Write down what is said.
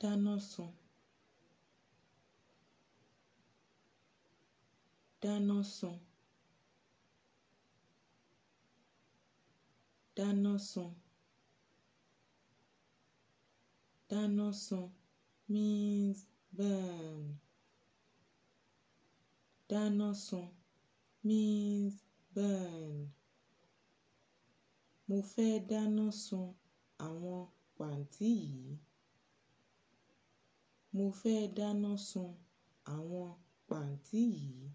dáná sun dáná sun dáná sun dáná sun means burn dáná sun means burn mo fẹ́ dáná sun àwọn pàǹtí yìí mo fẹ́ẹ́ dáná sun àwọn pàǹtí yìí